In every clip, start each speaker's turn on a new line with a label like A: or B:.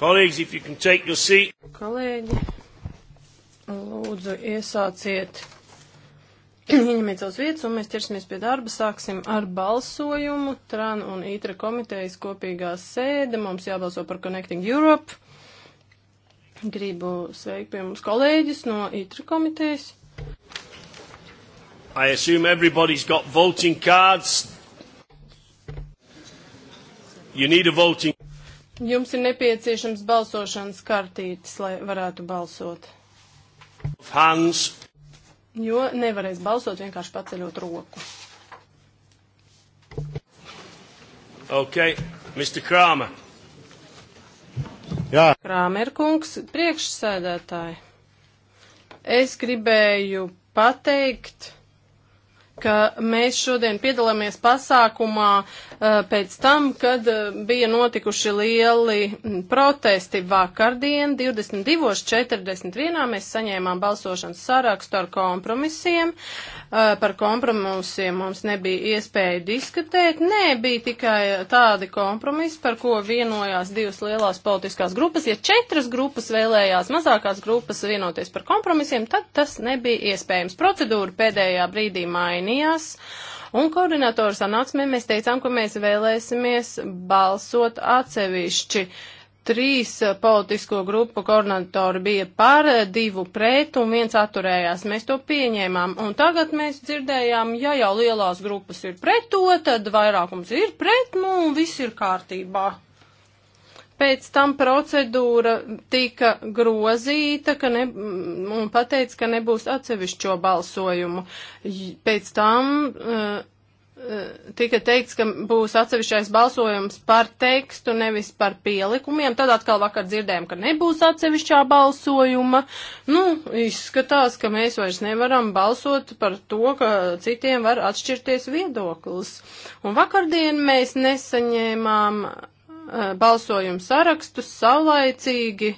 A: Kolēģi, if you can take your seat.
B: Kolēģi, lūdzu iesāciet, ieņemiet savus vietas un mēs ķersimies pie darba. Sāksim ar balsojumu. Tran un Itra komitejas kopīgā sēde. Mums jābalso par Connecting Europe. Gribu sveikt pie mums kolēģis no Itra komitejas.
A: I assume everybody's got voting cards. You need a voting.
B: Jums ir nepieciešams balsošanas kartītes, lai varētu balsot. Fans. Jo nevarēs balsot vienkārši paceļot roku.
A: Ok, Mr. Krāmer.
B: Jā. Krāmerkungs, priekšsēdētāji. Es gribēju pateikt ka mēs šodien piedalāmies pasākumā eh, pēc tam, kad eh, bija notikuši lieli mm, protesti vakardien. 22.41. mēs saņēmām balsošanas sarakstu ar kompromisiem. Eh, par kompromisiem mums nebija iespēja diskutēt. Nē, bija tikai tādi kompromisi, par ko vienojās divas lielās politiskās grupas. Ja četras grupas vēlējās mazākās grupas vienoties par kompromisiem, tad tas nebija iespējams. Procedūra pēdējā brīdī mainīja mainījās. Un koordinatoru sanāksmē mēs teicām, ka mēs vēlēsimies balsot atsevišķi. Trīs politisko grupu koordinatori bija par, divu pret un viens atturējās. Mēs to pieņēmām. Un tagad mēs dzirdējām, ja jau lielās grupas ir pret to, tad vairākums ir pret, nu, un viss ir kārtībā pēc tam procedūra tika grozīta, ka ne, un pateica, ka nebūs atsevišķo balsojumu. Pēc tam uh, tika teikts, ka būs atsevišķais balsojums par tekstu, nevis par pielikumiem. Tad atkal vakar dzirdējām, ka nebūs atsevišķā balsojuma. Nu, izskatās, ka mēs vairs nevaram balsot par to, ka citiem var atšķirties viedoklis. Un vakardien mēs nesaņēmām Eh, balsojumu sarakstus saulaicīgi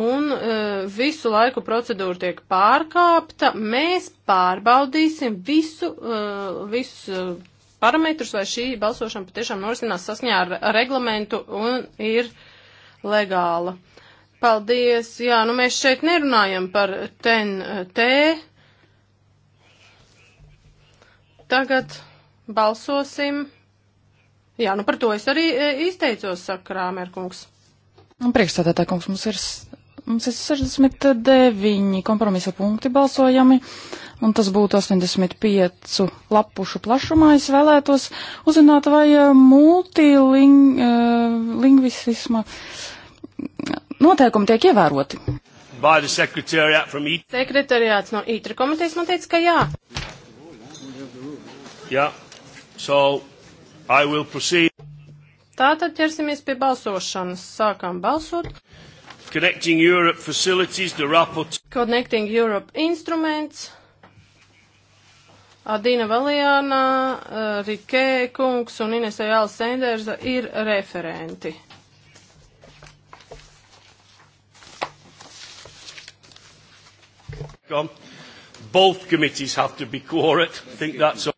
B: un eh, visu laiku procedūra tiek pārkāpta, mēs pārbaudīsim visu, eh, visus parametrus, vai šī balsošana patiešām norisinās saskaņā ar reglamentu un ir legāla. Paldies. Jā, nu mēs šeit nerunājam par TNT. Tagad balsosim. Jā, nu par to es arī e, izteicos, saka Krāmerkungs.
C: Priekšstādātā kungs, mums ir, mums ir 69 kompromisa punkti balsojami, un tas būtu 85 lapušu plašumā. Es vēlētos uzzināt, vai e, multilingvisisma e, noteikumi tiek ievēroti.
A: Sekretariāts
B: no ITRA komitejas man teica, ka jā.
A: Jā. Yeah. So Tātad
B: ķersimies pie balsošanas. Sākām balsot.
A: Connecting Europe facilities, the rapport.
B: Connecting Europe instruments. Adina Valjāna, eh, Rikē kungs un Inese Jāla Senderza ir referenti.
A: Both committees have to be core. I think that's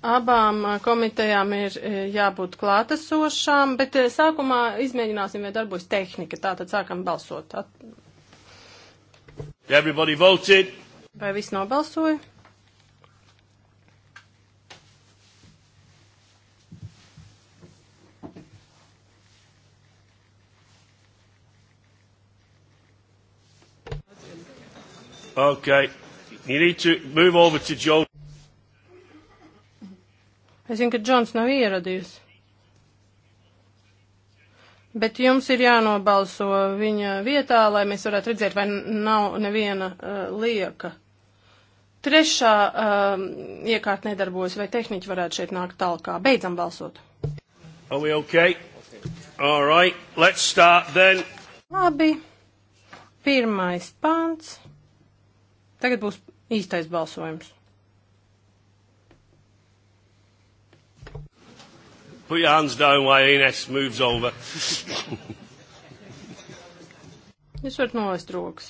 B: Abām eh, komitejām ir eh, jābūt klātesošām, bet eh, sākumā izmēģināsim, vai darbojas tehnika. Tātad sākam balsot.
A: Everybody voted. Vai
B: viss nobalsoja?
A: Okay. You need to move over to Joe.
B: Es zinu, ka Džons nav ieradies. Bet jums ir jānobalso viņa vietā, lai mēs varētu redzēt, vai nav neviena uh, lieka. Trešā uh, iekārta nedarbojas, vai tehniķi varētu šeit nākt tālāk. Beidzam balsot.
A: Are we okay? All right, let's start then.
B: Labi. Pirmais pants. Tagad būs īstais balsojums.
A: Put your hands down while Ines moves over.
B: Jūs varat nolaist rokas.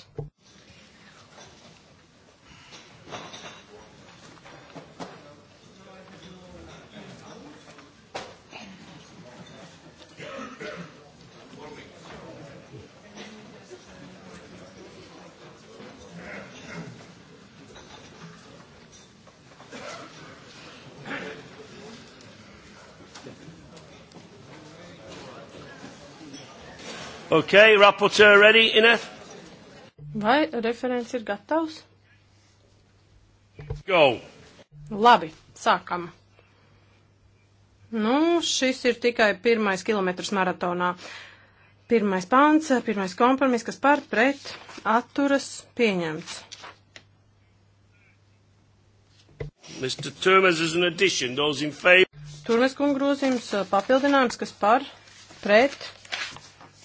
A: Okay, rapporteur ready, Ines?
B: Vai referents ir gatavs? Go! Labi, sākam. Nu, šis ir tikai pirmais kilometrs maratonā. Pirmais pants, pirmais kompromis, kas par pret atturas pieņemts.
A: Mr. Turmes is an addition, those in favor.
B: Turmes kungrozījums papildinājums, kas par pret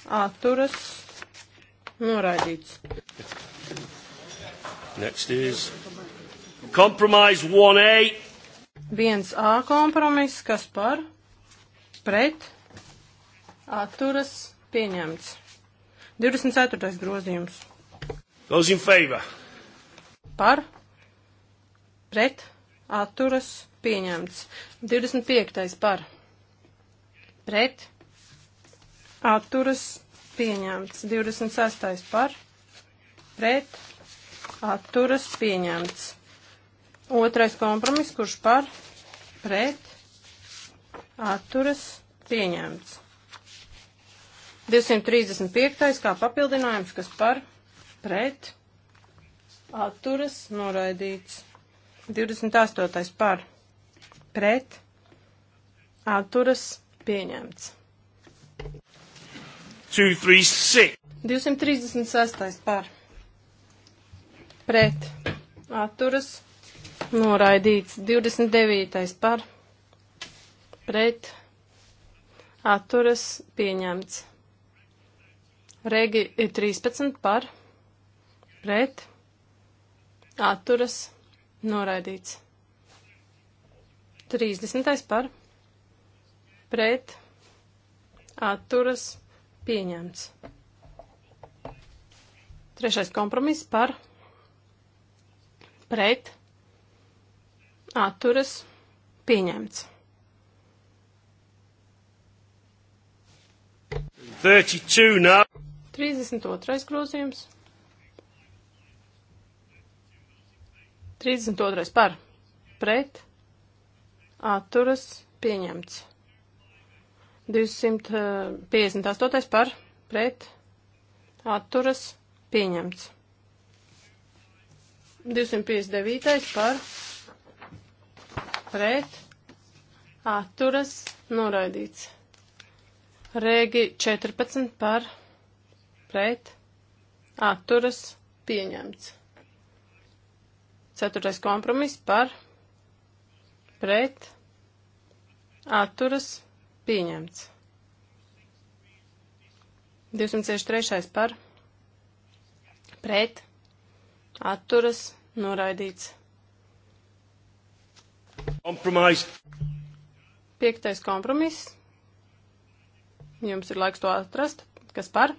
B: atturas noraidīts.
A: Next is compromise 1A.
B: 1A kompromiss, kas par pret atturas pieņemts. 24. grozījums.
A: Those in favor.
B: Par pret atturas pieņemts. 25. par pret atturas pieņemts. 26. par pret atturas pieņemts. Otrais kompromiss, kurš par pret atturas pieņemts. 235. kā papildinājums, kas par pret atturas noraidīts. 28. par pret atturas pieņemts.
A: 236.
B: 236. par. Pret. Atturas. Noraidīts. 29. par. Pret. Atturas. Pieņemts. Regi 13 par. Pret. Atturas. Noraidīts. 30. par. Pret. Atturas pieņemts. Trešais kompromiss par pret atturas pieņemts.
A: 32 now.
B: 32. grozījums. 32. par pret atturas pieņemts. 258. Eh, par pret atturas pieņemts. 259. par pret atturas noraidīts. Rēgi 14 par pret atturas pieņemts. Ceturtais kompromiss par pret atturas pieņemts Pieņemts. 263. par pret atturas noraidīts.
A: Kompromis.
B: Piektais kompromiss. Jums ir laiks to atrast. Kas par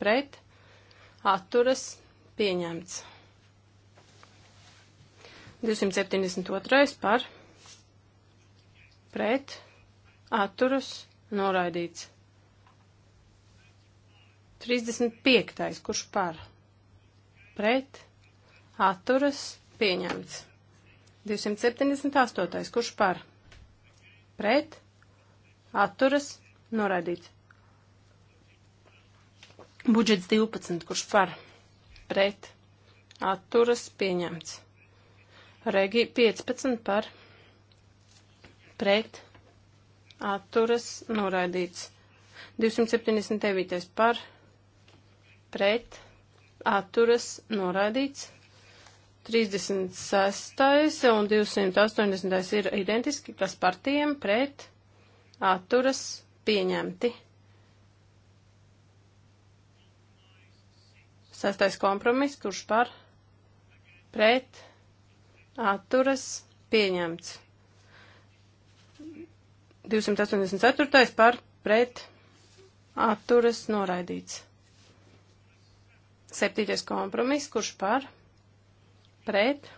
B: pret atturas pieņemts. 272. par pret atturas noraidīts. 35. kurš par pret atturas pieņemts. 278. kurš par pret atturas noraidīts. Budžets 12. kurš par pret atturas pieņemts. Regi 15 par pret atturas noraidīts. 279. par pret atturas noraidīts. 36. un 280. ir identiski, kas par tiem pret atturas pieņemti. Sastais kompromiss, kurš par pret atturas pieņemts. 284. par pret atturas noraidīts. Septītais kompromiss, kurš par pret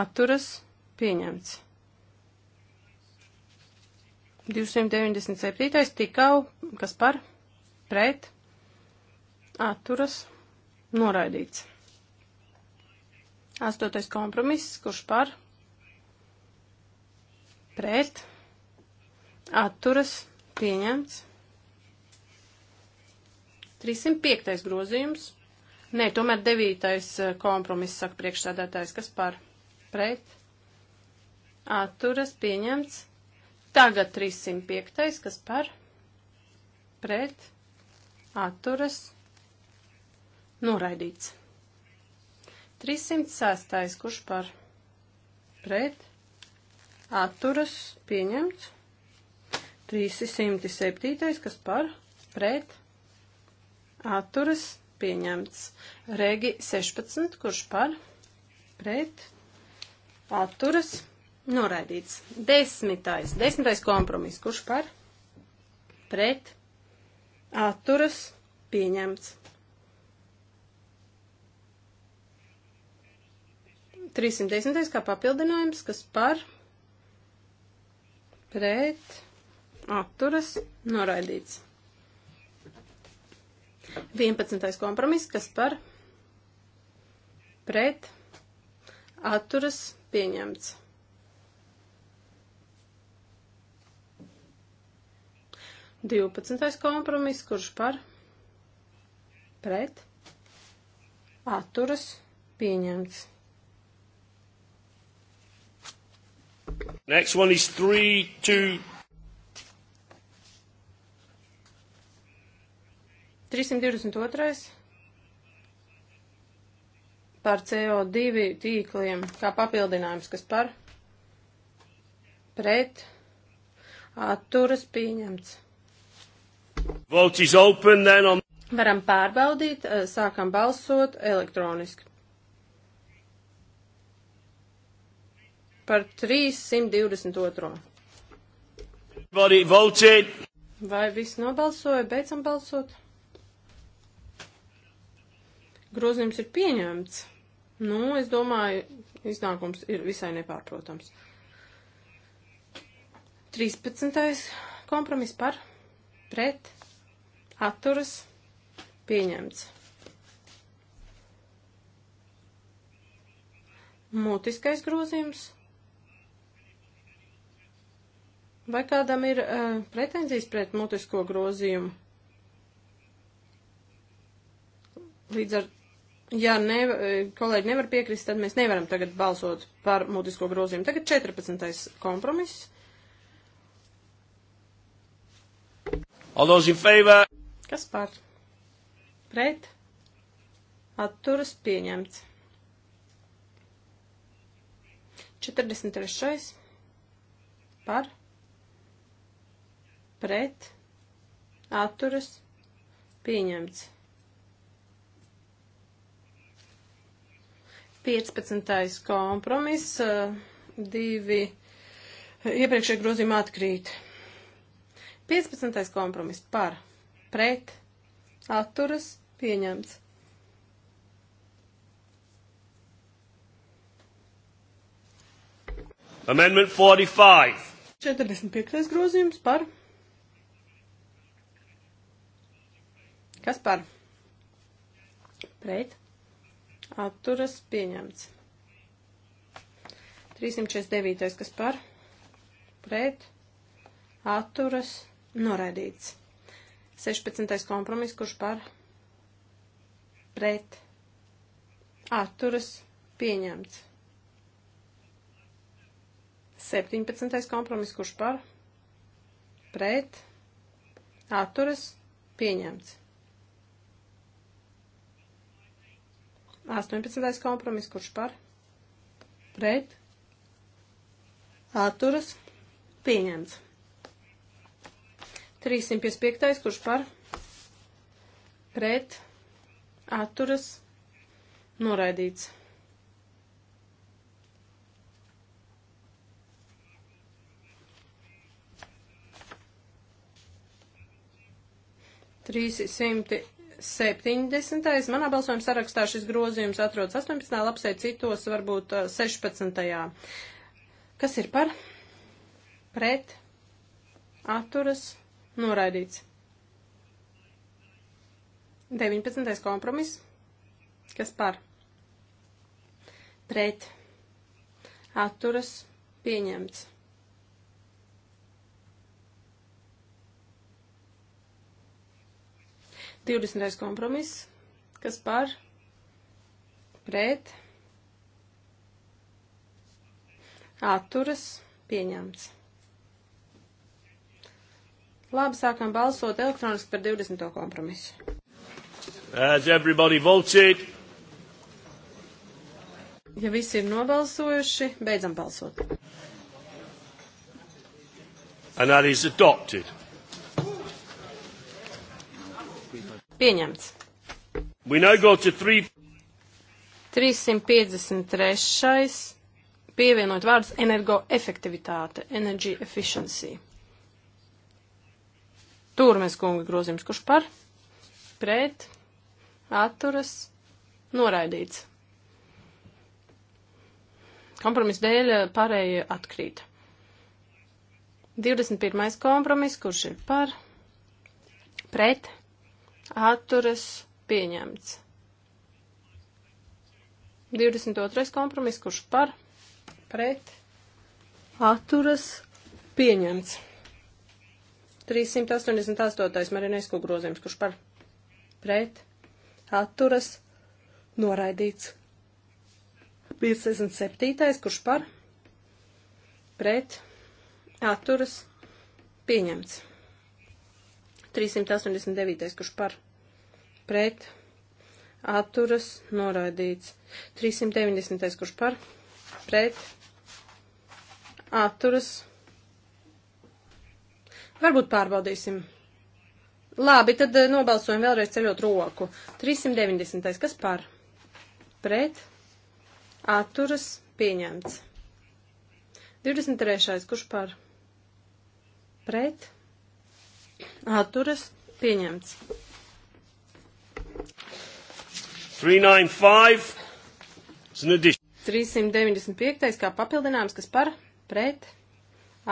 B: atturas pieņemts. 297. tikau, kas par pret atturas noraidīts. Astotais kompromiss, kurš par pret pret, atturas, pieņemts. 305. grozījums. Nē, tomēr 9. Eh, kompromiss saka priekšsēdētājs, kas par pret, atturas, pieņemts. Tagad 305. kas par pret, atturas, noraidīts. 306. kurš par pret, atturas pieņemts. 307. kas par pret atturas pieņemts. Regi 16. kurš par pret atturas noraidīts. Desmitais, desmitais kompromis, kurš par pret atturas pieņemts. 310. kā papildinājums, kas par pret, atturas, noraidīts. 11. kompromiss, kas par pret, atturas, pieņemts. Divpadsmitais kompromiss, kurš par pret atturas pieņemts.
A: Next one is three, two.
B: 322. par CO2 tīkliem, kā papildinājums, kas par pret atturas pieņemts.
A: Vote is open then on.
B: Varam pārbaudīt, sākam balsot elektroniski. par 322. Vai viss nobalsoja? Beidzam balsot. Grozījums ir pieņemts. Nu, es domāju, iznākums ir visai nepārprotams. 13. kompromiss par, pret, atturas, pieņemts. Mutiskais grozījums Vai kādam ir uh, pretenzijas pret mutisko grozījumu? Līdz ar, ja ne, eh, kolēģi nevar piekrist, tad mēs nevaram tagad balsot par mutisko grozījumu. Tagad 14. kompromiss.
A: All those in favor?
B: Kas par? Pret? Atturas pieņemts. 43. par? pret, atturas, pieņemts. 15. kompromiss, divi iepriekšēji grozījumi atkrīt. 15. kompromiss par, pret, atturas, pieņemts.
A: Amendment 45.
B: 45. grozījums par Kas par? Pret. Atturas pieņemts. 349. Kas par? Pret. Atturas noraidīts. 16. kompromiss, kurš par? Pret. Atturas pieņemts. 17. kompromiss, kurš par? Pret. Atturas pieņemts. 18. kompromis, kurš par, pret, atturas, pieņemts. 355. kurš par, pret, atturas, noraidīts. Trīsimti 70. Manā balsojuma sarakstā šis grozījums atrodas 18. lapsē, citos varbūt 16. Kas ir par? Pret? Atturas? Noraidīts. 19. kompromiss. Kas par? Pret? Atturas? Pieņemts. 20. kompromiss, kas par pret atturas pieņemts. Labi, sākam balsot elektroniski par 20. kompromisu.
A: As everybody voted.
B: Ja visi ir nobalsojuši, beidzam balsot.
A: And that is adopted.
B: Pieņemts. 353. Pievienot vārdus energoefektivitāte, energy efficiency. Tur mēs kunga grozījums, kurš par, pret, atturas, noraidīts. Kompromisa dēļ eh, pārējie atkrīt. 21. kompromiss, kurš ir par, pret, atturas pieņemts. 22. kompromis, kurš par, pret, atturas pieņemts. 388. Marinesku grozījums, kurš par, pret, atturas noraidīts. 57. kurš par, pret, atturas pieņemts. 389. kurš par pret atturas noraidīts. 390. kurš par pret atturas. Varbūt pārbaudīsim. Labi, tad eh, nobalsojam vēlreiz ceļot roku. 390. kas par pret atturas pieņemts. 23. kurš par pret atturas Atturas pieņemts.
A: 395.
B: 395. kā papildinājums, kas par pret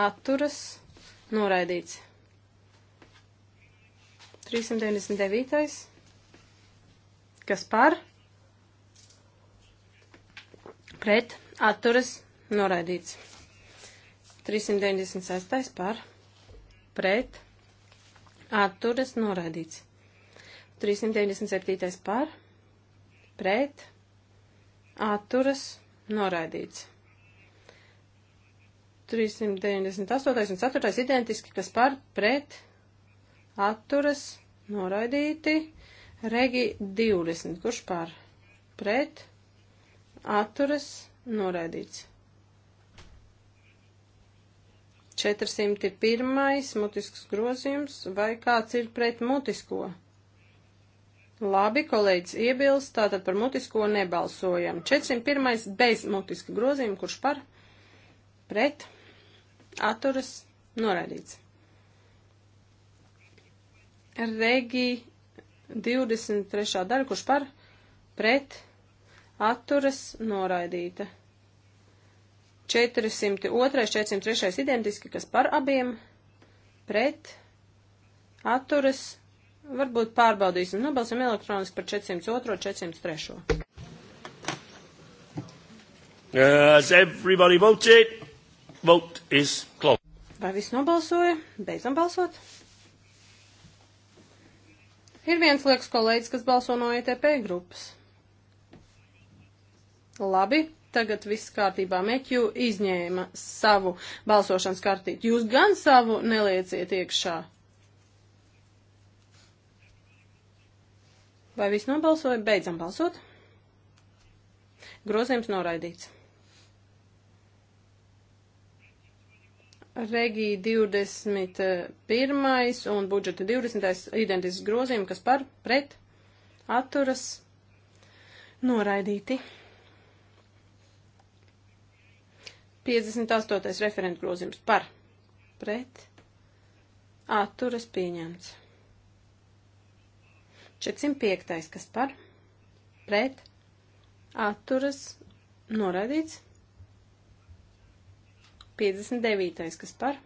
B: atturas noraidīts. 399. kas par pret atturas noraidīts. 396. par pret atturas noraidīts. 397. par, pret, atturas noraidīts. 398. un 4. identiski, kas par, pret, atturas noraidīti. Regi 20. Kurš par, pret, atturas noraidīts. 400 ir pirmais mutisks grozījums, vai kāds ir pret mutisko? Labi, kolēģis iebilst, tātad par mutisko nebalsojam. 401. bez mutiska grozījuma, kurš par pret atturas noraidīts. Regi 23. daļa, kurš par pret atturas noraidīta. 402, 403 identiski, kas par abiem pret atturas. Varbūt pārbaudīsim. Nobalsim elektroniski par 402, 403.
A: As everybody voted, vote is closed.
B: Vai viss nobalsoja? Beidzam balsot. Ir viens liekas kolēģis, kas balso no ETP grupas. Labi, tagad viss kārtībā. Meķu izņēma savu balsošanas kartīti. Jūs gan savu nelieciet iekšā. Vai viss nobalsoja? Beidzam balsot. Grozījums noraidīts. Regī 21. un budžeta 20. identisks grozījums, kas par pret atturas noraidīti. 58. referentu grozījums par pret atturas pieņemts. 405. kas par pret atturas noraidīts. 59. kas par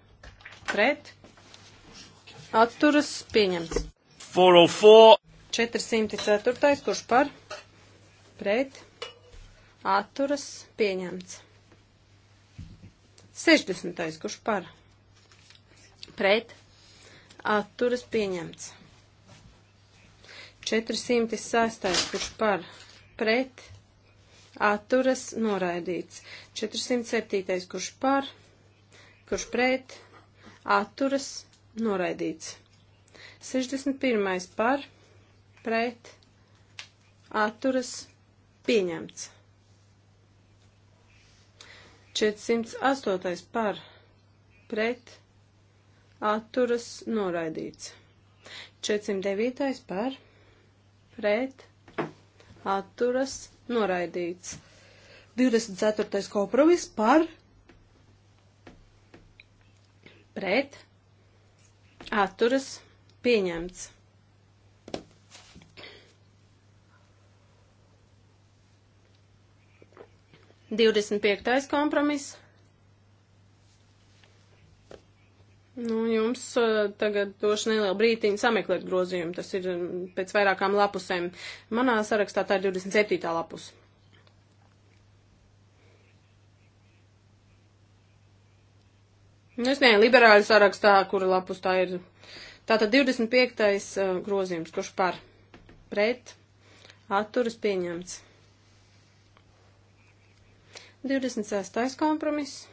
B: pret atturas pieņemts. 404. 404. kurš par pret atturas pieņemts. 60. kurš par pret atturas pieņemts. 406. kurš par pret atturas noraidīts. 407. kurš par, kurš pret atturas noraidīts. 61. par pret atturas pieņemts. 408. par pret atturas noraidīts. 409. par pret atturas noraidīts. 24. kompromiss par pret atturas pieņemts. 25. kompromiss. Nu, jums uh, tagad došu nelielu brītiņu sameklēt grozījumu. Tas ir um, pēc vairākām lapusēm. Manā sarakstā tā ir 27. lapus. Es nezinu, liberāļu sarakstā, kura lapus tā ir. Tātad 25. Uh, grozījums, kurš par pret atturas pieņemts. 26. kompromiss.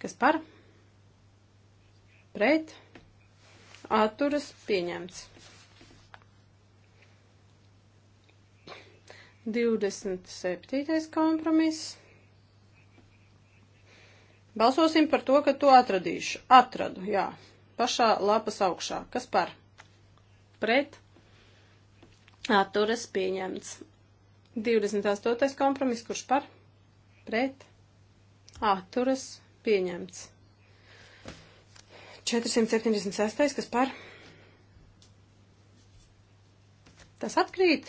B: Kas par? Pret. Atturas pieņemts. 27. kompromiss. Balsosim par to, ka to atradīšu. Atradu, jā. Pašā lapas augšā. Kas par? Pret. Atturas pieņemts. 28. kompromiss, kurš par, pret, atturas, pieņemts. 476. kas par? Tas atkrīt.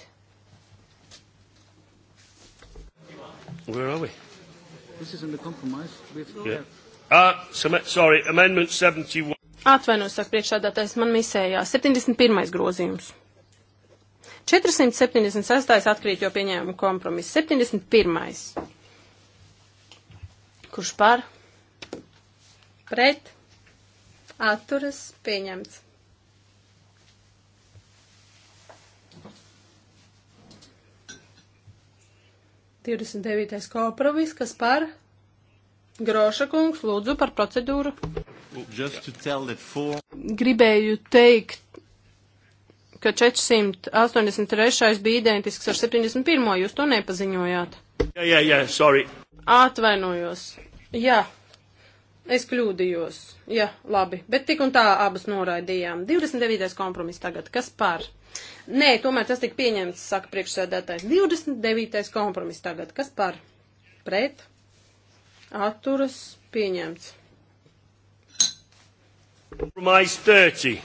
A: Where are we? This is in the compromise. With yeah. Ah, sorry, amendment 71.
B: Atvainojos, saka priekšādātais, man misējās. 71. grozījums. 476. atkrīt, jo pieņēma kompromisu. 71. Kurš par? Pret? Atturas pieņemts. Divdesmit devītais kompromiss, kas par Groša kungs, lūdzu par procedūru. For... Gribēju teikt, ka 483. bija identisks ar 71. Jūs to nepaziņojāt.
A: Jā, jā, jā, sorry.
B: Atvainojos. Jā, es kļūdījos. Jā, labi. Bet tik un tā abas noraidījām. 29. kompromiss tagad. Kas par? Nē, tomēr tas tika pieņemts, saka priekšsēdētājs. 29. kompromiss tagad. Kas par? Pret? Atturas pieņemts.
A: Kompromiss 30.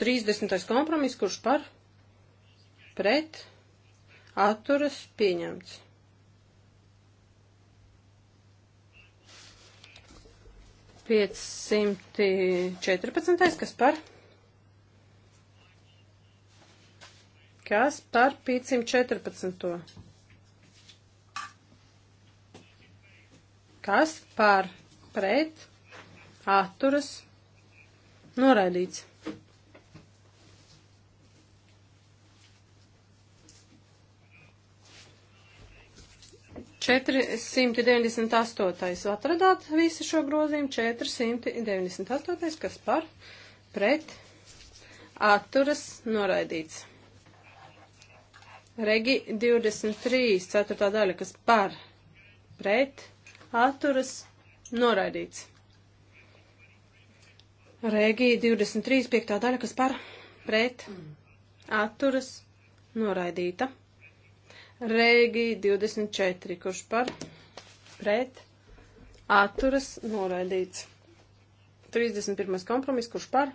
B: 30. kompromiss, kurš par pret atturas pieņemts. Piecsimti četrpadsmitais, kas par? Kas par 514? Kas par pret atturas noraidīts? 498. Atradāt visu šo grozījumu 498. kas par pret atturas noraidīts. Regi 23. 4. daļa, kas par pret atturas noraidīts. Regi 23. 5. daļa, kas par pret atturas noraidīta. Rēgī 24, kurš par pret atturas noraidīts. 31. kompromis, kurš par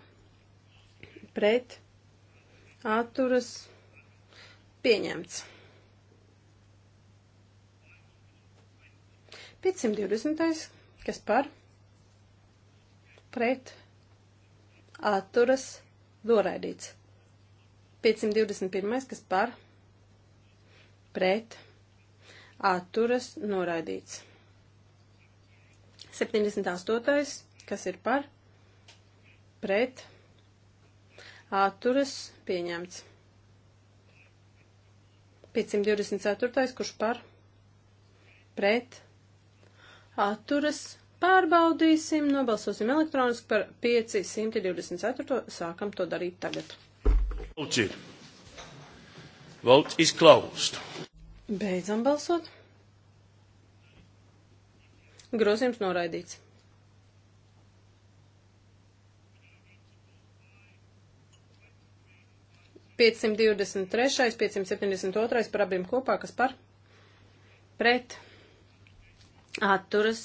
B: pret atturas pieņemts. 520. kas par pret atturas noraidīts. 521. kas par pret pret atturas noraidīts. 78. kas ir par pret atturas pieņemts. 524. kurš par pret atturas pārbaudīsim, nobalsosim elektroniski par 524. sākam to darīt tagad.
A: Ulčīt. Vote is closed.
B: Beidzam balsot. Grozījums noraidīts. Piecsimt divdesmit trešais, piecsimt septiņdesmit otrais par abiem kopā, kas par pret atturas.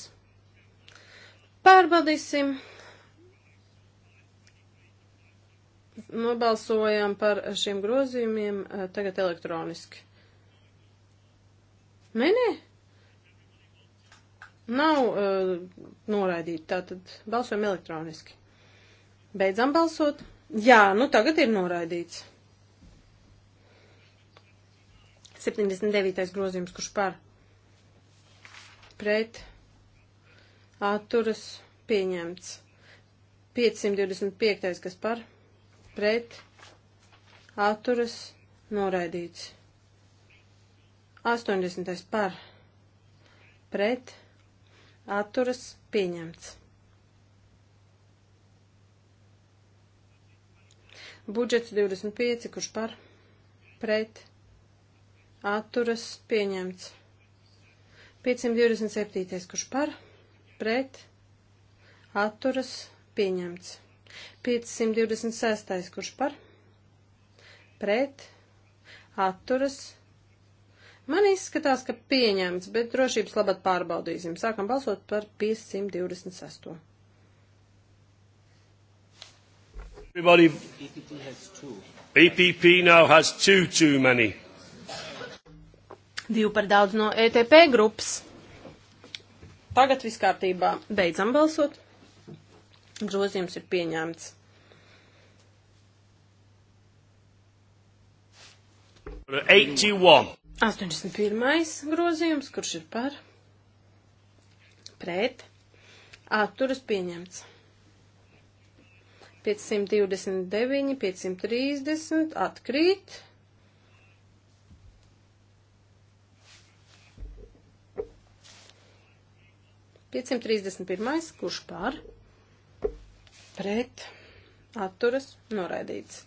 B: Pārbaudīsim nobalsojam par šiem grozījumiem eh, tagad elektroniski. Nē, nē. Nav uh, noraidīti, tātad balsojam elektroniski. Beidzam balsot. Jā, nu tagad ir noraidīts. 79. grozījums, kurš par pret atturas pieņemts. 525. kas par pret pret atturas noraidīts. 80. par pret atturas pieņemts. Budžets 25, kurš par pret atturas pieņemts. 527, kurš par pret atturas pieņemts. 526. kurš par? Pret. Atturas. Man izskatās, ka pieņemts, bet drošības labāk pārbaudīsim. Sākam balsot par 526.
A: Everybody, EPP now has two too many.
B: Divi par daudz no ETP grupas. Tagad viss kārtībā. Beidzam balsot. Grozījums ir pieņemts.
A: Number 81.
B: 81. grozījums, kurš ir par, pret, atturas pieņemts. 529, 530, atkrīt. Piecsimt trīsdesmit pirmais, kurš pār? pret atturas noraidīts.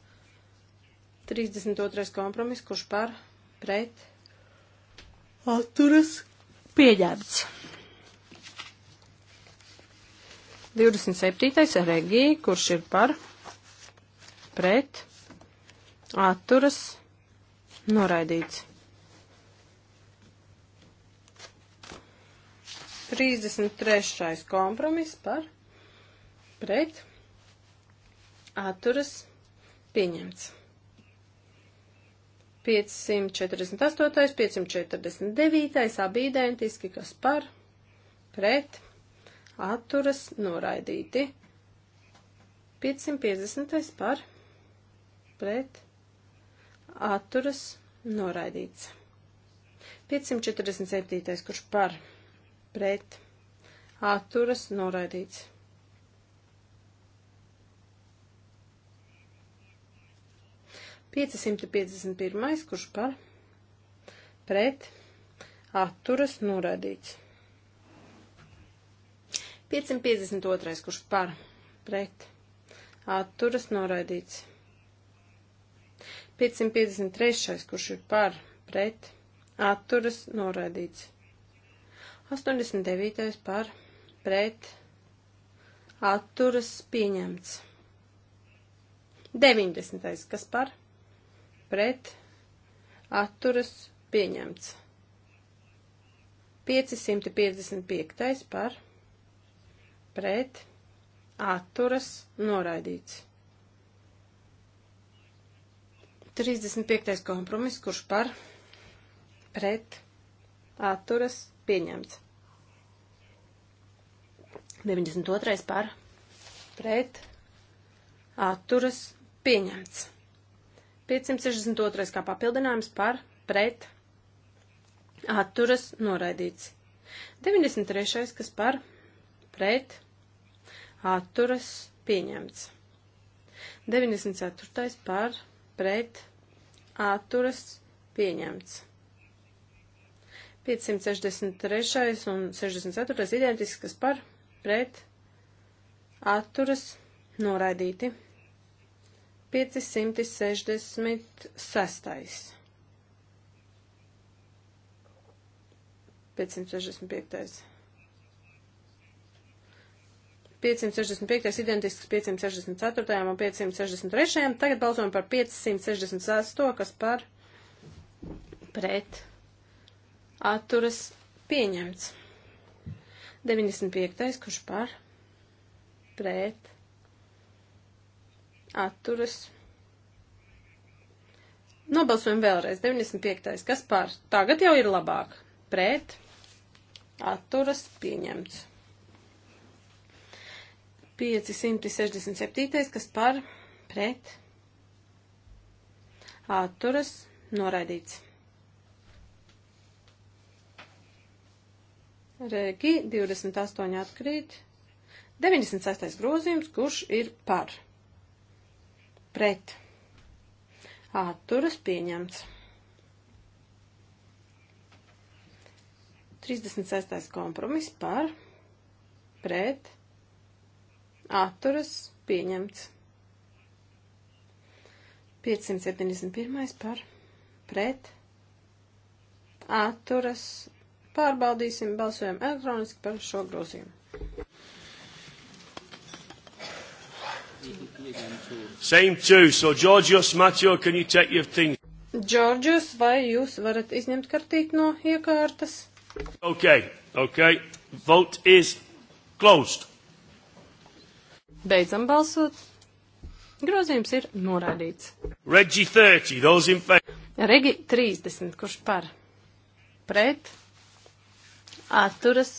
B: 32. kompromis, kurš par pret atturas pieņemts. 27. regija, kurš ir par pret atturas noraidīts. 33. kompromis par pret atturas pieņemts. 548, 549, abi identiski, kas par, pret, atturas, noraidīti. 550 par, pret, atturas, noraidīts. 547, kurš par, pret, atturas, noraidīts. 551. Kurš par? Pret. Atturas norādīts. 552. Kurš par? Pret. Atturas norādīts. 553. Kurš ir par? Pret. Atturas norādīts. 89. par? Pret. Atturas pieņemts. 90. kas par? pret atturas pieņemts. 555. par pret atturas noraidīts. 35. kompromiss, kurš par pret atturas pieņemts. 92. par pret atturas pieņemts. 562. kā papildinājums par pret atturas noraidīts. 93. kas par pret atturas pieņemts. 94. par pret atturas pieņemts. 563. un 64. identisks par pret atturas noraidīti. 566. 565. 565. identisks 564. un 563. Tagad balsojam par 568, kas par pret atturas pieņemts. 95. kurš par pret atturas. Nobalsojam vēlreiz. 95. Kas par? Tagad jau ir labāk. Pret. Atturas pieņemts. 567. Kas par? Pret. Atturas noraidīts. Regi 28 atkrīt. 96. grozījums, kurš ir par? pret atturas pieņemts. 36. kompromis par pret atturas pieņemts. 571. par pret atturas pārbaudīsim, balsojam elektroniski par šo grozījumu.
A: Same too. So, Georgios Matio, can you take your thing?
B: Georgios, vai jūs varat izņemt kartīti no iekārtas?
A: Ok, ok. Vote is closed.
B: Beidzam balsot. Grozījums ir noraidīts.
A: Regi 30, those in favor.
B: Regi 30, kurš par? Pret? Atturas?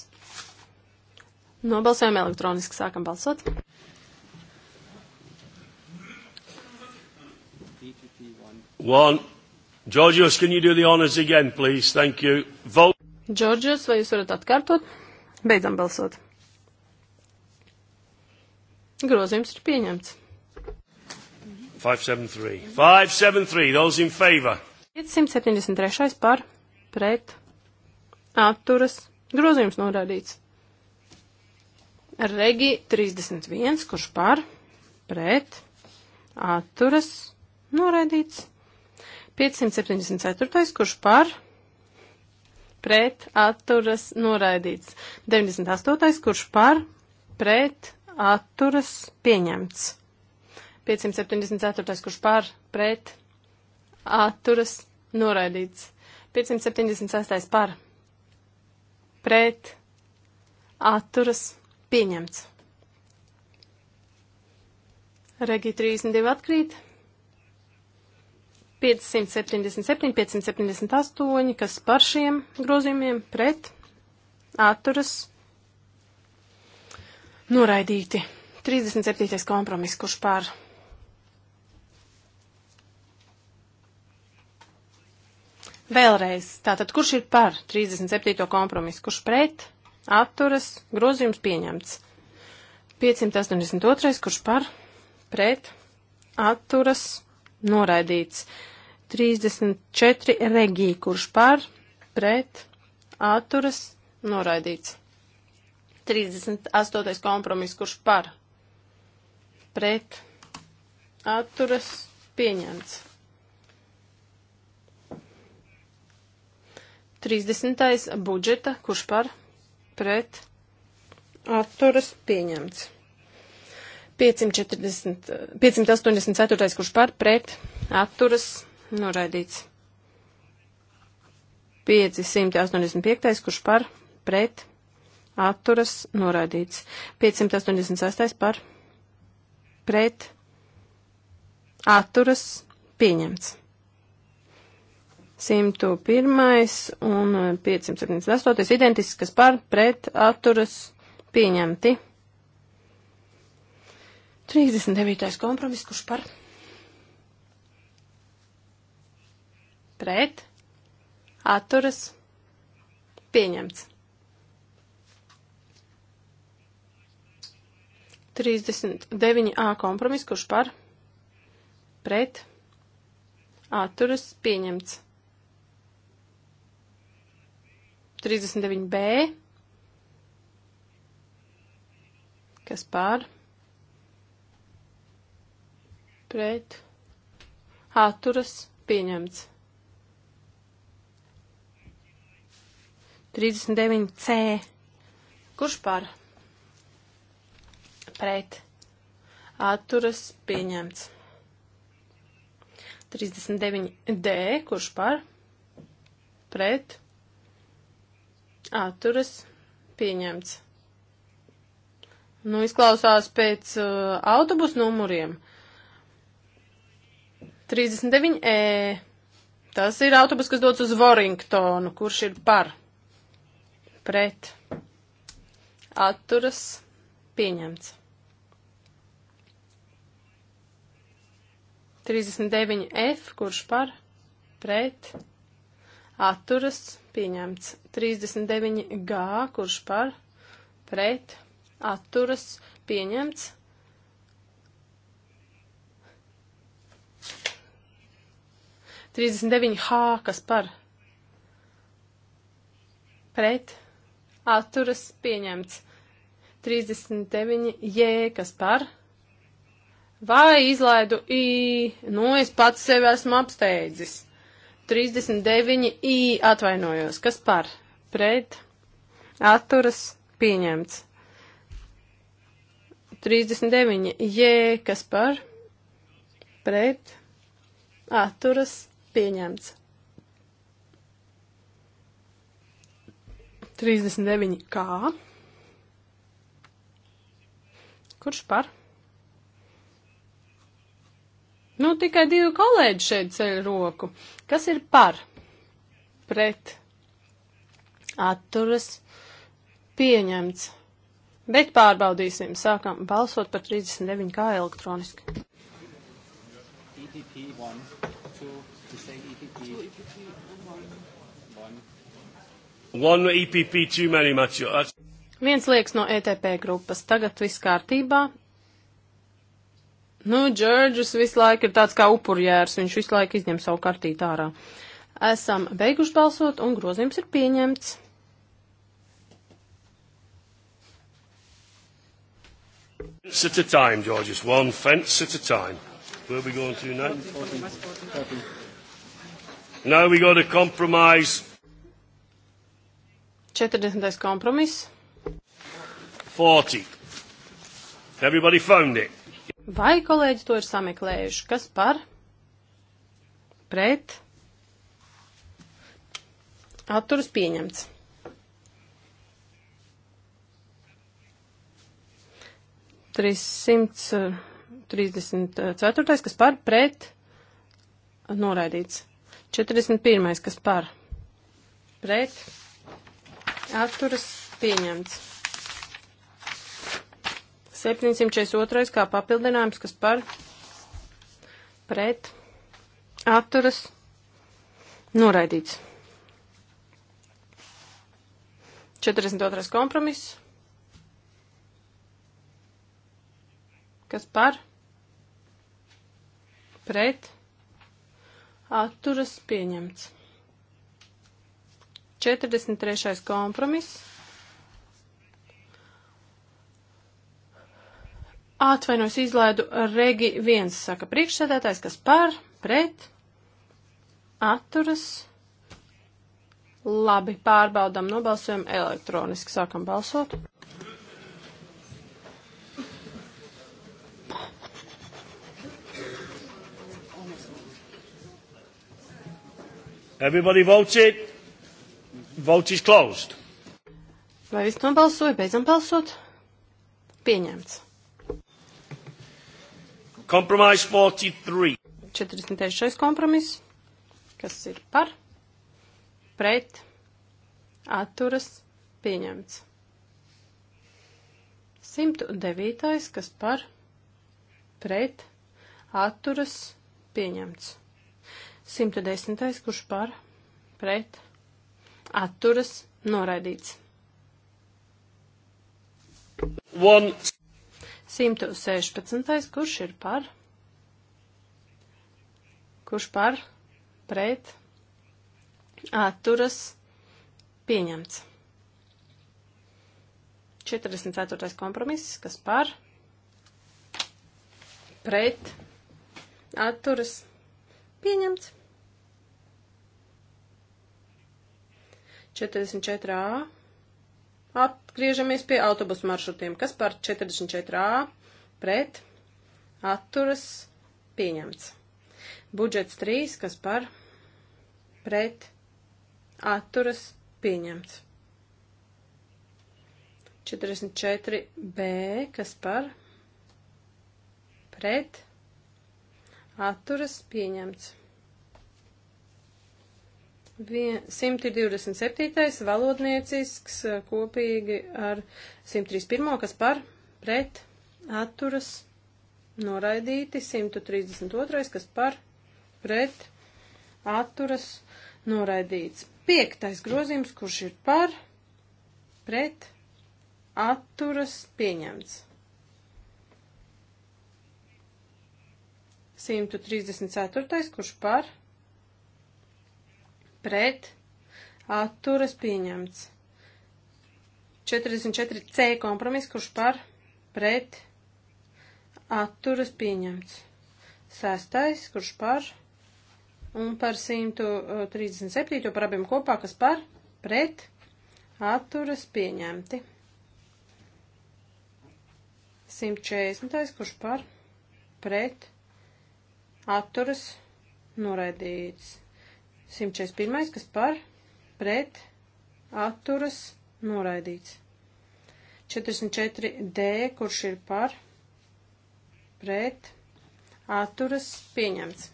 B: Nobalsojam elektroniski, sākam balsot.
A: One. Georgios, can you do the honors again, please? Thank you. Vote.
B: Georgios, vai jūs varat atkārtot? Beidzam balsot. Grozījums ir pieņemts.
A: 573. 573. Those in favor.
B: 573. par, pret, atturas, grozījums norādīts. Regi 31, kurš par, pret, atturas, norādīts. 574. kurš par pret atturas noraidīts. 98. kurš par pret atturas pieņemts. 574. kurš par pret atturas noraidīts. 576. par pret atturas pieņemts. Regi 32 atkrīt. 577, 578, kas par šiem grozījumiem pret atturas noraidīti. 37. kompromiss, kurš pār Vēlreiz, tātad kurš ir par 37. kompromisu, kurš pret, atturas, grozījums pieņemts? 582. kurš par, pret, atturas, noraidīts. 34 regī, kurš par, pret, atturas, noraidīts. 38. kompromiss, kurš par, pret, atturas, pieņemts. 30. budžeta, kurš par, pret, atturas, pieņemts. 540, 584. kurš par, pret, atturas, pieņemts noraidīts. 585. kurš par pret atturas noraidīts. 586. par pret atturas pieņemts. 101. un 578. identiskas par pret atturas pieņemti. 39. kompromiss, kurš par pret pret, atturas, pieņemts. 39a kompromis, kurš par, pret, atturas, pieņemts. 39b, kas par, pret, atturas, pieņemts. 39C. Kurš par? Pret. Atturas pieņemts. 39D. Kurš par? Pret. Atturas pieņemts. Nu, izklausās pēc uh, autobusu numuriem. 39E. Tas ir autobus, kas dodas uz Warringtonu, kurš ir par pret atturas pieņemts. 39 F, kurš par pret atturas pieņemts. 39 G, kurš par pret atturas pieņemts. 39 H, kas par pret atturas pieņemts. 39 J, kas par? Vai izlaidu I, nu es pats sevi esmu apsteidzis. 39 I atvainojos, kas par? Pret, atturas pieņemts. 39 J, kas par? Pret, atturas pieņemts. 39 kā. Kurš par? Nu, tikai divi kolēģi šeit ceļ roku. Kas ir par? Pret. Atturas. Pieņemts. Bet pārbaudīsim. Sākam balsot par 39 kā elektroniski.
D: EPP 1, 2, to say EPP.
A: 2 EPP. One EPP too many, Matthew.
B: Viens liekas no ETP grupas. Tagad viss kārtībā. Nu, Džordžs visu laiku ir tāds kā upurjērs, viņš visu laiku izņem savu kartīti ārā. Esam beiguši balsot un grozījums ir pieņemts.
A: Fence at a time, Georges. One fence at a time. Where are we going to now? Now we go to compromise
B: 40. kompromiss.
A: 40. Everybody found it.
B: Vai kolēģi to ir sameklējuši? Kas par? Pret? Atturas pieņemts. Trīssimts eh, trīsdesmit eh, ceturtais, kas par pret noraidīts. Četrdesmit pirmais, kas par pret atturas pieņemts. 742. kā papildinājums, kas par pret atturas noraidīts. 42. kompromiss. Kas par pret atturas pieņemts. 43. kompromiss. Atvainojos, izlaidu regi viens, saka priekšsēdētājs, kas par, pret, atturas. Labi, pārbaudām, nobalsojam elektroniski, sākam balsot.
A: Everybody voted. Vote is closed.
B: Vai viss nobalsoja? Beidzam balsot. Pieņemts.
A: Compromise 43.
B: 43. kompromiss. Kas ir par? Pret. Atturas. Pieņemts. 109. kas par pret atturas pieņemts. 110. kurš par pret atturas noraidīts. 116. Kurš ir par? Kurš par? Pret? Atturas? Pieņemts. 44. kompromiss. Kas par? Pret? Atturas? Pieņemts. 44A. Atgriežamies pie autobusu maršrutiem. Kas par 44A pret atturas pieņemts? Budžets 3, kas par pret atturas pieņemts. 44B, kas par pret atturas pieņemts. 127. valodniecisks eh, kopīgi ar 131. kas par pret atturas noraidīti, 132. kas par pret atturas noraidīts. Piektais grozījums, kurš ir par pret atturas pieņemts. 134. kurš par pret pret, atturas pieņemts. 44C kompromiss, kurš par, pret, atturas pieņemts. Sestais, kurš par, un par 137, par abiem kopā, kas par, pret, atturas pieņemti. 140, kurš par, pret, atturas noraidīts. 141. kas par pret atturas noraidīts. 44. D, kurš ir par pret atturas pieņemts.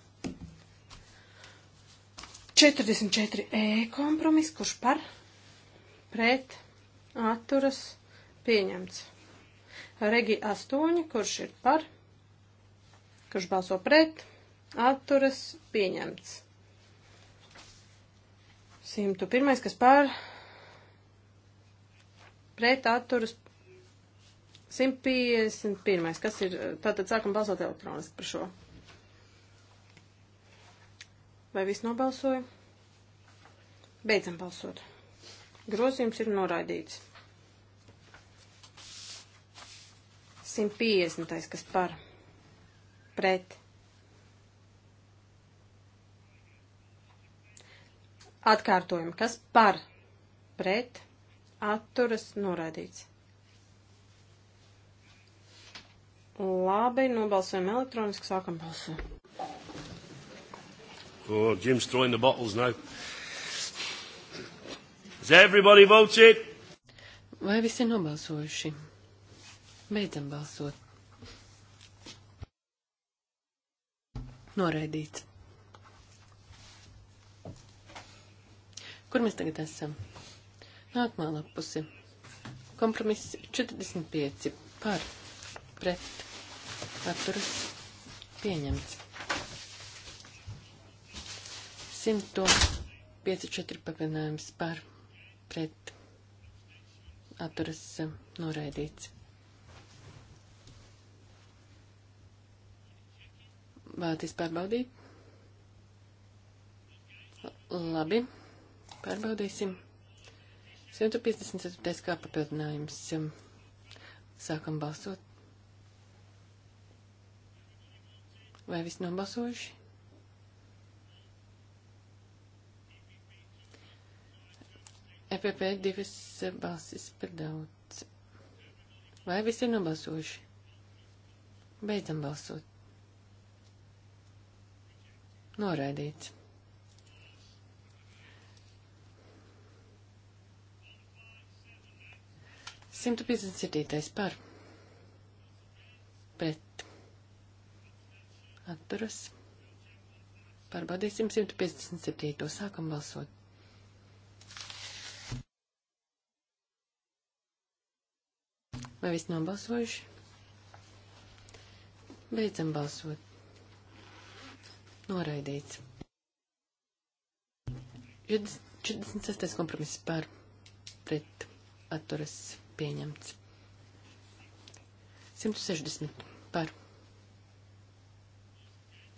B: 44. E kompromis, kurš par pret atturas pieņemts. Regi 8, kurš ir par, kurš balso pret, atturas pieņemts. 101. kas pār pret atturas 151. kas ir, tātad sākam balsot elektroniski par šo. Vai viss nobalsoja? Beidzam balsot. Grozījums ir noraidīts. 150. kas par pret Atkārtojam, kas par pret atturas noraidīts. Labi, nobalsojam elektroniski, sākam balsot.
A: Oh, Jim's throwing the bottles now. Has everybody voted?
D: Vai visi ir nobalsojuši? Beidzam balsot. Noraidīts. Kur mēs tagad esam? Nākamā lapusi. Kompromiss 45 par pret atturas pieņemts. 154 papildinājums par pret atturas noraidīts. Vēlaties pārbaudīt? Labi. Pārbaudīsim. 154. kā papildinājums. Sākam balsot. Vai viss nobalsojuši? EPP divas balsis par daudz. Vai visi ir nobalsojuši? Beidzam balsot. Noraidīts. 157. par pret atturas. Pārbaudīsim 157. Sākam balsot. Vai viss nobalsojuši? Beidzam balsot. Noraidīts. 46. kompromiss par pret atturas pieņemts. 160 par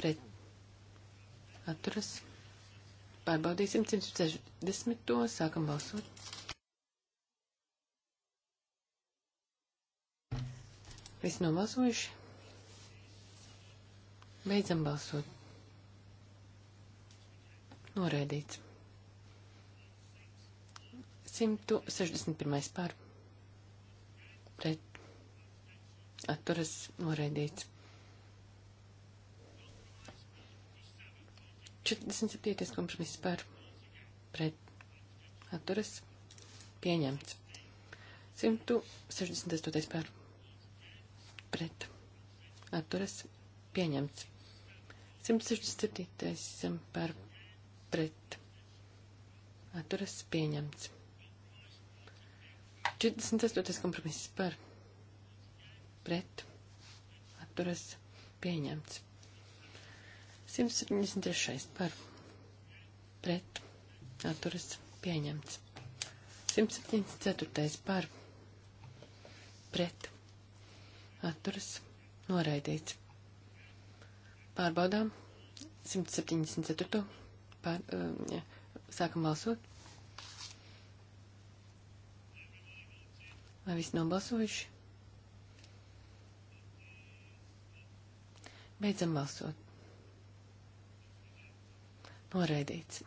D: pret atturas. Pārbaudīsim 160. To. Sākam balsot. Visi nobalsojuši. Beidzam balsot. Noraidīts. 161. pār pret atturas noraidīts. 47. kompromiss par pret atturas pieņemts. 168. par pret atturas pieņemts. 167. par pret atturas pieņemts. 48. kompromiss par pret atturas pieņemts. 173. par pret atturas pieņemts. 174. par pret atturas noraidīts. Pārbaudām 174. Pār, uh, sākam balsot. Vai viss nobalsojuši? Beidzam balsot. Noraidīts.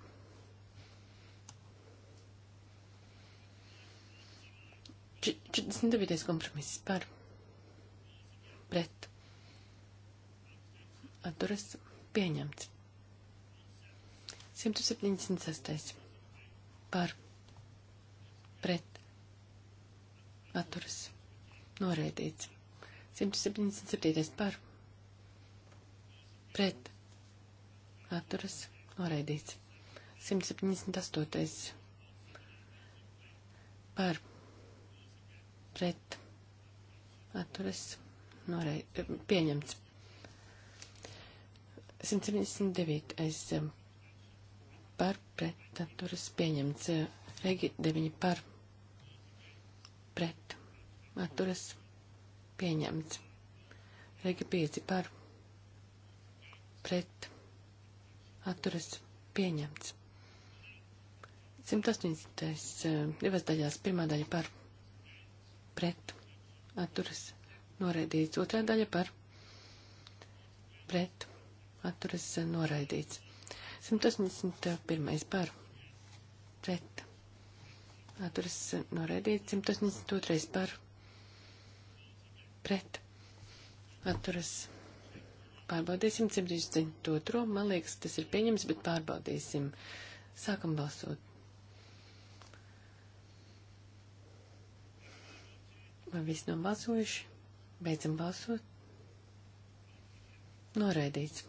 D: Č 49. kompromiss par pret atturas pieņemts. 176. par pret atturas noraidīts. 177. par pret atturas noraidīts. 178. par pret atturas noraid, pieņemts. 179. par pret atturas pieņemts. Regi 9 par pret atturas pieņemts. Regi 5 par pret atturas pieņemts. 180. Eh, divas daļās, pirmā daļa par pret atturas noraidīts, otrā daļa par pret atturas noraidīts. 181. par pret atturas noraidīts, 182. par pret pret atturas. Pārbaudīsim 172. Man liekas, tas ir pieņems, bet pārbaudīsim. Sākam balsot. Vai viss nav balsojuši? Beidzam balsot. Noraidīts.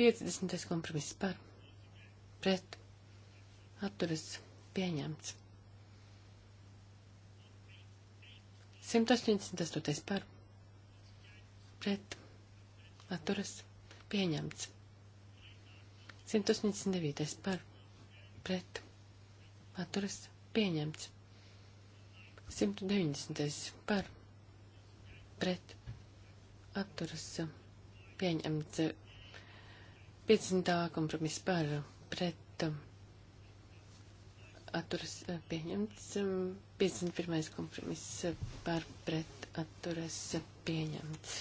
D: 50. kompromiss par. Pret. Atturas. Pieņemts. 188. par pret atturas pieņemts. 189. par pret atturas pieņemts. 190. par pret atturas pieņemts. 50. kompromiss par pret atturas pieņemts atturas eh, pieņemts, 51. kompromiss eh, par pret atturas eh, pieņemts.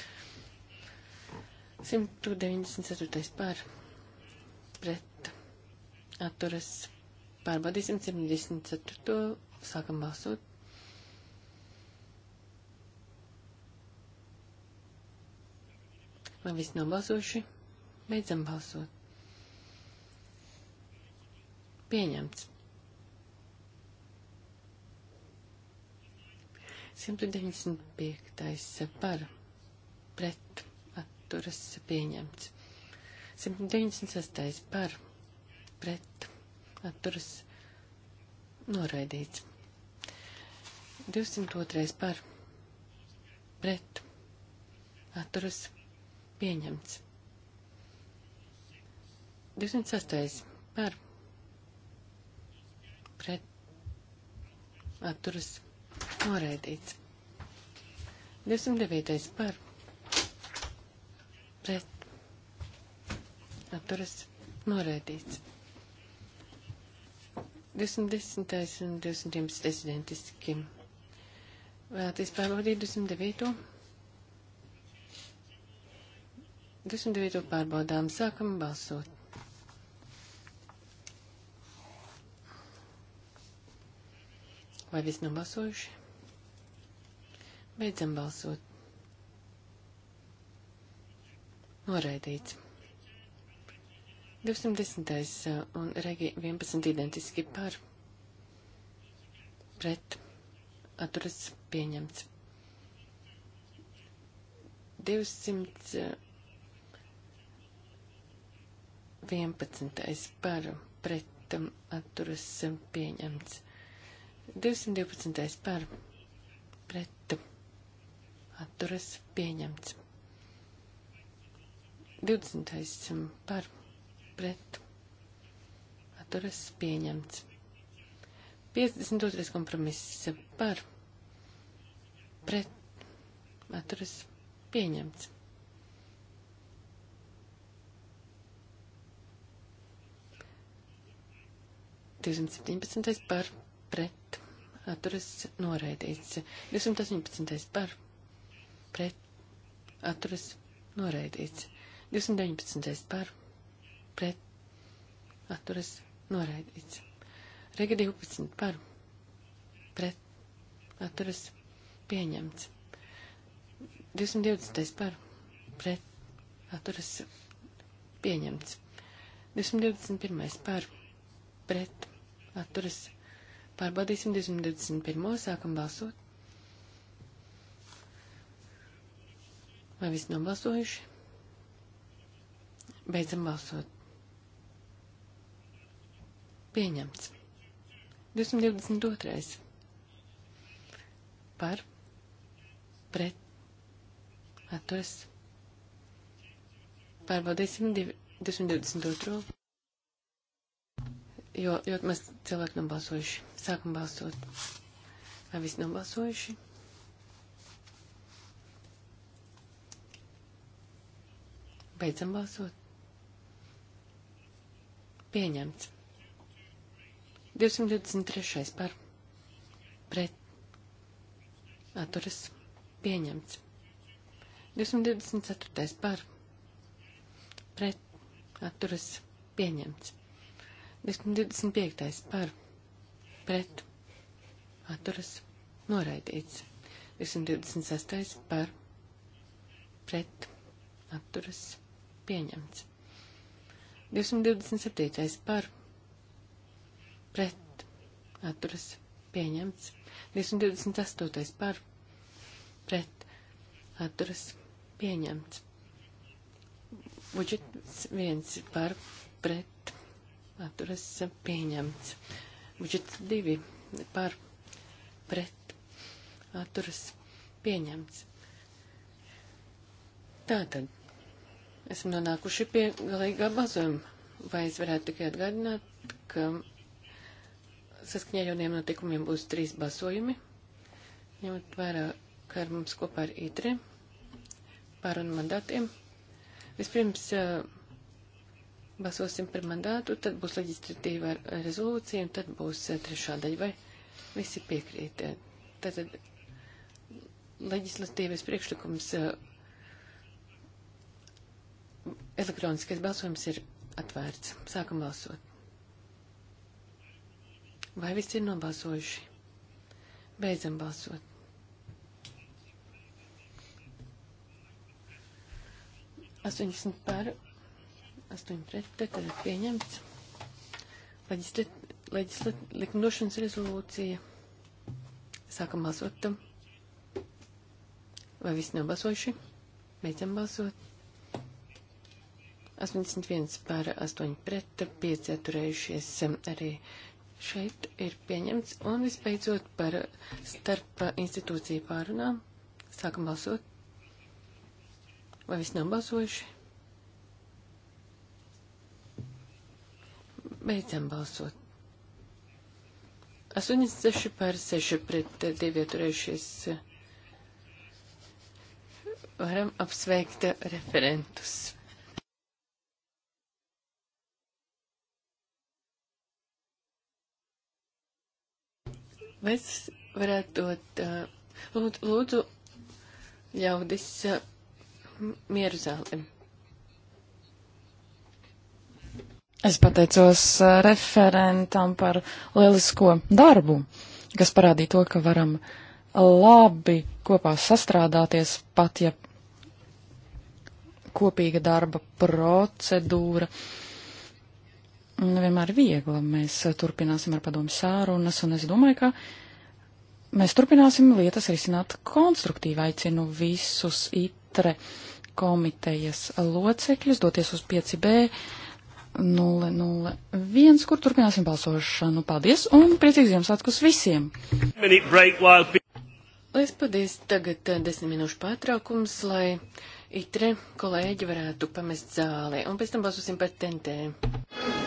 D: 194. par pret atturas pārbaudīsim 74. sākam balsot. Vai viss nobalsoši? Beidzam balsot. Pieņemts. 195. Eh, eh, par pret atturas pieņemts. 196. par pret atturas noraidīts. 202. par pret atturas pieņemts. 206. par pret atturas pieņemts Noraidīts. 209. par. Pret. Atturas. Noraidīts. 210. un 211. identiski. Vēlaties pārbaudīt 209. 29. pārbaudām sākam balsot. Vai viss nobalsojuši? Beidzam balsot. Noraidīts. 210. Uh, un regi 11 identiski par. Pret. Atturas pieņemts. 211. Uh, par. Pret. Um, atturas um, pieņemts. 212. par. Pret um, atturas pieņemts. 20. Um, par pret atturas pieņemts. 52. kompromiss um, par pret atturas pieņemts. 217. par pret atturas noraidīts. 218. par pret pret, atturas, noraidīts. 219. par, pret, atturas, noraidīts. Rega 12 par, pret, atturas, pieņemts. 220. par, pret, atturas, pieņemts. 221. par, pret, atturas, pārbaudīsim 221. sākam balsot. Vai viss nobalsojuši? Beidzam balsot. Pieņemts. 222. Par. Pret. Atturas. Pārbaudīsim 222. Jo ļoti maz cilvēku nobalsojuši. Sākam balsot. Vai viss nobalsojuši? Beidzam balsot. Pieņemts. 223. par pret atturas pieņemts. 224. par pret atturas pieņemts. 225. par pret atturas noraidīts. 226. par pret atturas pieņemts atturas pieņemts. 227. par pret atturas pieņemts. 228. par pret atturas pieņemts. Budžets 1 par pret atturas pieņemts. Budžets 2 par pret atturas pieņemts. Tātad esam nonākuši pie galīgā mazuma. Vai es varētu tikai atgādināt, ka saskaņā jauniem notikumiem būs trīs basojumi, ņemot vērā, ka ar mums kopā ar ITRE pārunu mandātiem. Vispirms basosim par mandātu, tad būs leģislatīva rezolūcija, un tad būs trešā daļa, vai visi piekrīt. Tātad leģislatīvas priekšlikums Elektroniskais balsojums ir atvērts. Sākam balsot. Vai visi ir nobalsojuši? Beidzam balsot. Astoņdesmit pār, astoņi pret, tad ir pieņemts likumdošanas rezolūcija. Sākam balsot tam. Vai visi nobalsojuši? Beidzam balsot. 81 par 8 pret 5 atturējušies arī šeit ir pieņemts. Un visbeidzot par starp institūciju pārunām. Sākam balsot. Vai viss nav balsojuši? Beidzam balsot. 86 par 6 pret 2 turējušies. Varam apsveikt referentus. Mēs varētu dot, lūdzu, lūdzu ļaudis mieru zālim.
C: Es pateicos referentam par lielisko darbu, kas parādīja to, ka varam labi kopā sastrādāties, pat ja kopīga darba procedūra uh, nevienmēr viegla. Mēs turpināsim ar padomu sārunas, un es domāju, ka mēs turpināsim lietas risināt konstruktīvi. Aicinu visus itre komitejas locekļus doties uz 5B 001, kur turpināsim balsošanu. Paldies, un priecīgs Ziemassvētkus visiem! Lies paldies, tagad eh, desmit minūšu pārtraukums, lai
D: itre kolēģi varētu pamest zāli, un pēc tam balsosim par tentēm.